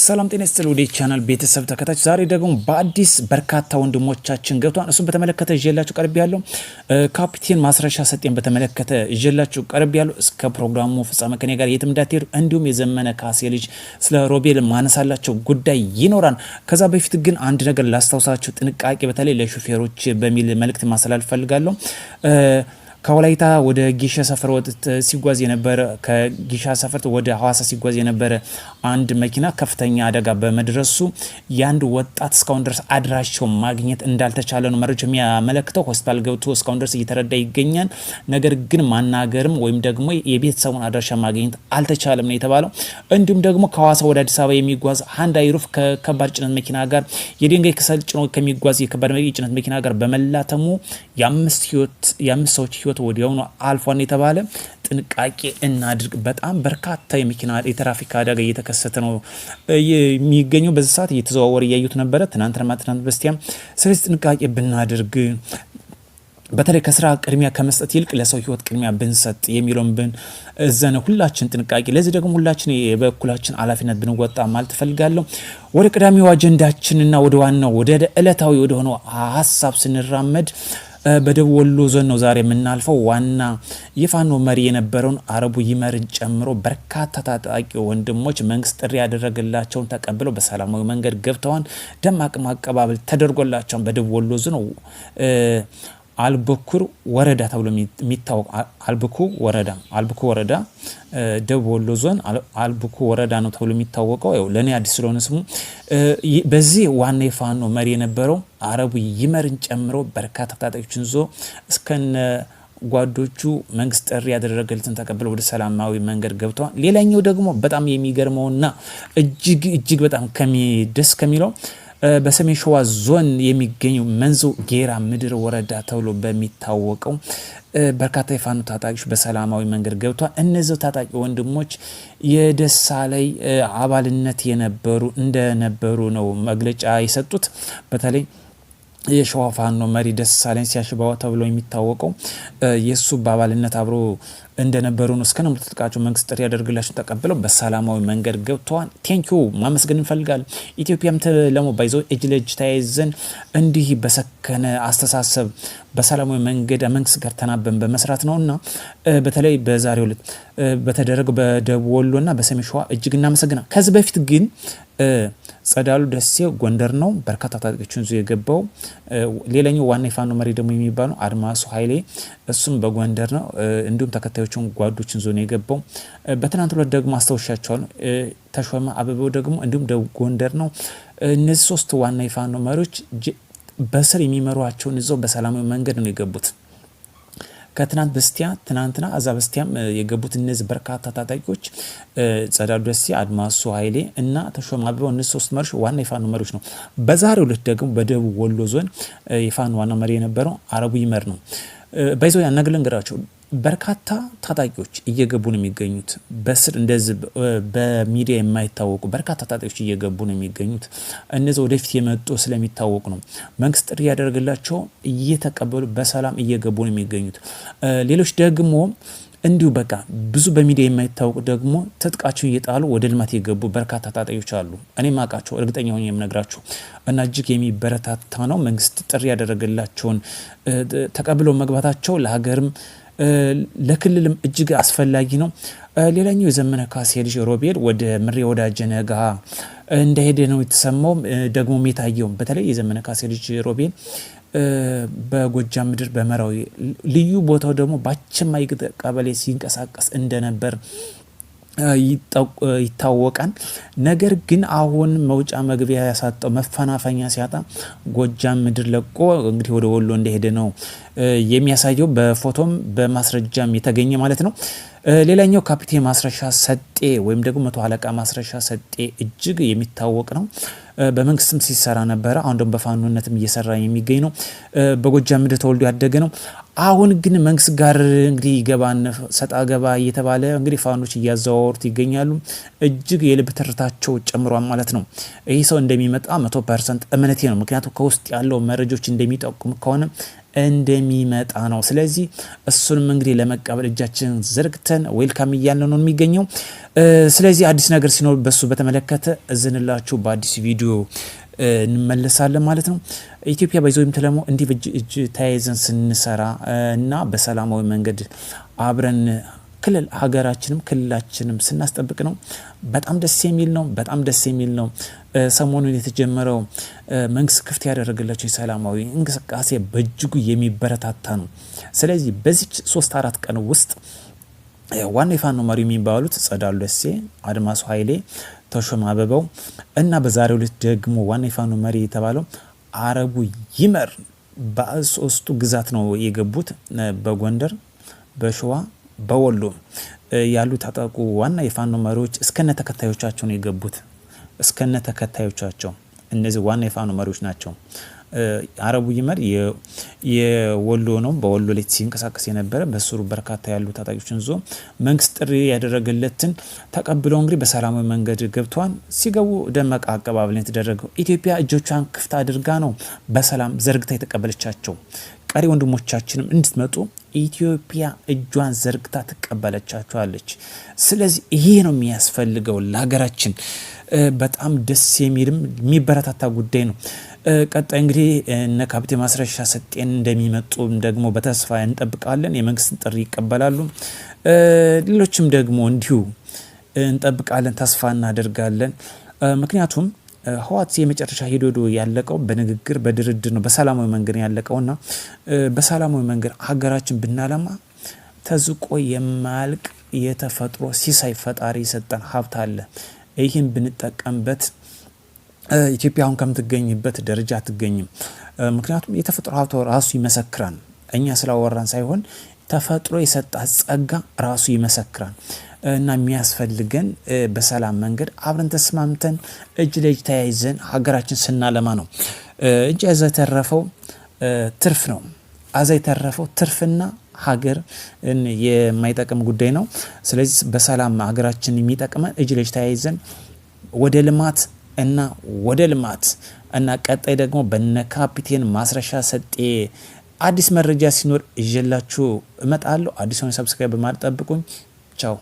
ሰላም ጤና ስጥል ወደ ቻናል ቤተሰብ ተከታች ዛሬ ደግሞ በአዲስ በርካታ ወንድሞቻችን ገብቷል። እሱን በተመለከተ እጀላችሁ ቀርብ ያለው ካፒቴን ማስረሻ ሰጤን በተመለከተ እጀላችሁ ቀርብ ያለው እስከ ፕሮግራሙ ፍጻሜ ከኔ ጋር የትም እንዳትሄዱ። እንዲሁም የዘመነ ካሴ ልጅ ስለ ሮቤል ማነሳላቸው ጉዳይ ይኖራል። ከዛ በፊት ግን አንድ ነገር ላስታውሳቸው፣ ጥንቃቄ በተለይ ለሹፌሮች በሚል መልእክት ማስተላለፍ ፈልጋለሁ። ከወላይታ ወደ ጊሻ ሰፈር ሲጓዝ የነበረ ከጊሻ ሰፈር ወደ ሐዋሳ ሲጓዝ የነበረ አንድ መኪና ከፍተኛ አደጋ በመድረሱ የአንድ ወጣት እስካሁን ድረስ አድራሻው ማግኘት እንዳልተቻለ ነው መረጃ የሚያመለክተው። ሆስፒታል ገብቶ እስካሁን ድረስ እየተረዳ ይገኛል። ነገር ግን ማናገርም ወይም ደግሞ የቤተሰቡን አድራሻ ማግኘት አልተቻለም ነው የተባለው። እንዲሁም ደግሞ ከሐዋሳ ወደ አዲስ አበባ የሚጓዝ አንድ አይሩፍ ከከባድ ጭነት መኪና ጋር የድንጋይ ክሰል ጭኖ ከሚጓዝ የከባድ ጭነት መኪና ጋር በመላተሙ የአምስት ሰዎች ህይወት ወዲያውኑ አልፏን የተባለ ጥንቃቄ እናድርግ። በጣም በርካታ የመኪና የትራፊክ አደጋ እየተከሰተ ነው የሚገኘው። በዚህ ሰዓት እየተዘዋወረ እያዩት ነበረ፣ ትናንትና ትናንት በስቲያም። ስለዚህ ጥንቃቄ ብናድርግ በተለይ ከስራ ቅድሚያ ከመስጠት ይልቅ ለሰው ህይወት ቅድሚያ ብንሰጥ የሚለውን ብን እዘነ ሁላችን ጥንቃቄ ለዚህ ደግሞ ሁላችን የበኩላችን ኃላፊነት ብንወጣ ማለት እፈልጋለሁ። ወደ ቀዳሚው አጀንዳችንና ወደ ዋናው ወደ ዕለታዊ ወደሆነው ሀሳብ ስንራመድ በደቡብ ወሎ ዞን ነው ዛሬ የምናልፈው። ዋና የፋኖ መሪ የነበረውን አረቡ ይመርን ጨምሮ በርካታ ታጣቂ ወንድሞች መንግስት ጥሪ ያደረገላቸውን ተቀብለው በሰላማዊ መንገድ ገብተዋል። ደማቅ አቀባበል ተደርጎላቸውን በደቡብ ወሎ ዞን አልበኩር ወረዳ ተብሎ የሚታወቅ አልብኩ ወረዳ አልብኩ ወረዳ ደቡብ ወሎ ዞን አልብኩ ወረዳ ነው ተብሎ የሚታወቀው። ው ለእኔ አዲስ ስለሆነ ስሙ። በዚህ ዋና የፋኖ መሪ የነበረው አረቡ ይመርን ጨምሮ በርካታ ታጣቂዎችን ዞ እስከነ ጓዶቹ መንግስት ጥሪ ያደረገልትን ተቀብለው ወደ ሰላማዊ መንገድ ገብተዋል። ሌላኛው ደግሞ በጣም የሚገርመውና እጅግ እጅግ በጣም ደስ ከሚለው በሰሜን ሸዋ ዞን የሚገኘው መንዞ ጌራ ምድር ወረዳ ተብሎ በሚታወቀው በርካታ የፋኖ ታጣቂዎች በሰላማዊ መንገድ ገብቷል። እነዚ ታጣቂ ወንድሞች የደሳ ላይ አባልነት የነበሩ እንደነበሩ ነው መግለጫ የሰጡት። በተለይ የሸዋ ፋኖ መሪ ደሳለኝ ሲያሽባዋ ተብሎ የሚታወቀው የእሱ በአባልነት አብሮ እንደነበሩ ነው። እስከ ነው ተጠቃቸው መንግስት ጥሪ ያደርግላቸው ተቀብለው በሰላማዊ መንገድ ገብተዋል። ቴንኪ ማመስገን እንፈልጋለን። ኢትዮጵያም ተለሞ ባይዞ እጅ ለእጅ ተያይዘን እንዲህ በሰከነ አስተሳሰብ በሰላማዊ መንገድ መንግስት ጋር ተናበን በመስራት ነው እና በተለይ በዛሬው ዕለት በተደረገው በደቡብ ወሎና በሰሜን ሸዋ እጅግ እናመሰግና። ከዚህ በፊት ግን ጸዳሉ ደሴ ጎንደር ነው በርካታ ታጣቂዎችን ይዞ የገባው። ሌላኛው ዋና የፋኖ መሪ ደግሞ የሚባለው አድማሱ ኃይሌ እሱም በጎንደር ነው። እንዲሁም ተከታዮቹን ጓዶችን ዞን የገባው በትናንት ሁለት ደግሞ አስታውሻቸዋል። ተሾመ አበበው ደግሞ እንዲሁም ጎንደር ነው። እነዚህ ሶስት ዋና የፋኖ መሪዎች በስር የሚመሯቸውን ይዘው በሰላማዊ መንገድ ነው የገቡት። ከትናንት በስቲያ ትናንትና አዛ በስቲያም የገቡት እነዚህ በርካታ ታጣቂዎች ጸዳሉ ደሴ፣ አድማሱ ኃይሌ እና ተሾመ አበባው እነዚህ ሶስት መሪዎች ዋና የፋኖ መሪዎች ነው። በዛሬው ዕለት ደግሞ በደቡብ ወሎ ዞን የፋኖ ዋና መሪ የነበረው አረቡ ይመር ነው። በይዞ ያናግል እንገራቸው በርካታ ታጣቂዎች እየገቡ ነው የሚገኙት። በስር እንደዚህ በሚዲያ የማይታወቁ በርካታ ታጣቂዎች እየገቡ ነው የሚገኙት። እነዚህ ወደፊት የመጡ ስለሚታወቁ ነው መንግስት ጥሪ ያደርግላቸው እየተቀበሉ በሰላም እየገቡ ነው የሚገኙት። ሌሎች ደግሞ እንዲሁ በቃ ብዙ በሚዲያ የማይታወቁ ደግሞ ትጥቃቸውን እየጣሉ ወደ ልማት የገቡ በርካታ ታጣቂዎች አሉ። እኔም ማቃቸው እርግጠኛ ሆኜ የምነግራችሁ እና እጅግ የሚበረታታ ነው። መንግስት ጥሪ ያደረገላቸውን ተቀብለው መግባታቸው ለሀገርም ለክልልም እጅግ አስፈላጊ ነው። ሌላኛው የዘመነ ካሴ ልጅ ሮቤል ወደ ምሬ ወዳጀነ ጋ እንደሄደ ነው የተሰማው። ደግሞ የታየውም በተለይ የዘመነ ካሴ ልጅ ሮቤል በጎጃም ምድር በመራዊ ልዩ ቦታው ደግሞ ባቸማይ ቀበሌ ሲንቀሳቀስ እንደነበር ይታወቃል። ነገር ግን አሁን መውጫ መግቢያ ያሳጣው መፈናፈኛ ሲያጣ ጎጃም ምድር ለቆ እንግዲህ ወደ ወሎ እንደሄደ ነው የሚያሳየው በፎቶም በማስረጃም የተገኘ ማለት ነው። ሌላኛው ካፒቴን ማስረሻ ሰጤ ወይም ደግሞ መቶ አለቃ ማስረሻ ሰጤ እጅግ የሚታወቅ ነው። በመንግስትም ሲሰራ ነበረ። አሁን ደግሞ በፋኖነትም እየሰራ የሚገኝ ነው። በጎጃም ምድር ተወልዶ ያደገ ነው። አሁን ግን መንግስት ጋር እንግዲህ ገባን ሰጣ ገባ እየተባለ እንግዲህ ፋኖች እያዘዋወሩት ይገኛሉ። እጅግ የልብ ትርታቸው ጨምሯል ማለት ነው። ይህ ሰው እንደሚመጣ መቶ ፐርሰንት እምነቴ ነው። ምክንያቱም ከውስጥ ያለው መረጃዎች እንደሚጠቁም ከሆነ እንደሚመጣ ነው። ስለዚህ እሱንም እንግዲህ ለመቀበል እጃችን ዘርግተን ዌልካም እያለ ነው የሚገኘው። ስለዚህ አዲስ ነገር ሲኖር በሱ በተመለከተ እዝንላችሁ በአዲስ ቪዲዮ እንመለሳለን ማለት ነው። ኢትዮጵያ በይዞ ተለሞ እንዲህ እጅ ተያይዘን ስንሰራ እና በሰላማዊ መንገድ አብረን ክልል ሀገራችንም ክልላችንም ስናስጠብቅ ነው። በጣም ደስ የሚል ነው። በጣም ደስ የሚል ነው። ሰሞኑን የተጀመረው መንግስት ክፍት ያደረግላቸው የሰላማዊ እንቅስቃሴ በእጅጉ የሚበረታታ ነው። ስለዚህ በዚች ሶስት አራት ቀን ውስጥ ዋና የፋኖ መሪ የሚባሉት ጸዳሉ ደሴ፣ አድማሱ ሀይሌ ተሾም አበባው እና በዛሬው ሁለት ደግሞ ዋና የፋኖ መሪ የተባለው አረቡ ይመር በሶስቱ ግዛት ነው የገቡት በጎንደር በሸዋ በወሎ ያሉ ታጠቁ ዋና የፋኖ መሪዎች እስከነ ተከታዮቻቸው ነው የገቡት። እስከነ ተከታዮቻቸው እነዚህ ዋና የፋኖ መሪዎች ናቸው። አረቡ ይመር የወሎ ነው። በወሎ ላይ ሲንቀሳቀስ የነበረ በስሩ በርካታ ያሉ ታጣቂዎችን ዞ መንግስት ጥሪ ያደረገለትን ተቀብለው እንግዲህ በሰላማዊ መንገድ ገብተዋል። ሲገቡ ደመቀ አቀባበል የተደረገው ኢትዮጵያ እጆቿን ክፍት አድርጋ ነው በሰላም ዘርግታ የተቀበለቻቸው። ቀሪ ወንድሞቻችንም እንድትመጡ ኢትዮጵያ እጇን ዘርግታ ትቀበለቻችኋለች። ስለዚህ ይሄ ነው የሚያስፈልገው ለሀገራችን። በጣም ደስ የሚልም የሚበረታታ ጉዳይ ነው። ቀጣይ እንግዲህ እነ ካፕቴን ማስረሻ ሰጤን እንደሚመጡ ደግሞ በተስፋ እንጠብቃለን። የመንግስትን ጥሪ ይቀበላሉ። ሌሎችም ደግሞ እንዲሁ እንጠብቃለን፣ ተስፋ እናደርጋለን። ምክንያቱም ህዋት የመጨረሻ ሄዶ ሄዶ ያለቀው በንግግር በድርድር ነው፣ በሰላማዊ መንገድ ያለቀውና በሰላማዊ መንገድ ሀገራችን ብናለማ ተዝቆ የማያልቅ የተፈጥሮ ሲሳይ ፈጣሪ የሰጠን ሀብት አለ። ይህን ብንጠቀምበት ኢትዮጵያ አሁን ከምትገኝበት ደረጃ አትገኝም። ምክንያቱም የተፈጥሮ ሀብት ራሱ ይመሰክራል። እኛ ስላወራን ሳይሆን ተፈጥሮ የሰጣት ጸጋ ራሱ ይመሰክራል እና የሚያስፈልገን በሰላም መንገድ አብረን ተስማምተን እጅ ለእጅ ተያይዘን ሀገራችን ስናለማ ነው እንጂ አዛ የተረፈው ትርፍ ነው። አዛ የተረፈው ትርፍና ሀገር የማይጠቅም ጉዳይ ነው። ስለዚህ በሰላም ሀገራችን የሚጠቅመን እጅ ለእጅ ተያይዘን ወደ ልማት እና ወደ ልማት እና ቀጣይ ደግሞ በነ ካፒቴን ማስረሻ ሰጤ አዲስ መረጃ ሲኖር ይዤላችሁ እመጣለሁ። አዲስ ሆነ ሰብስክራይብ በማድረግ ጠብቁኝ። ቻው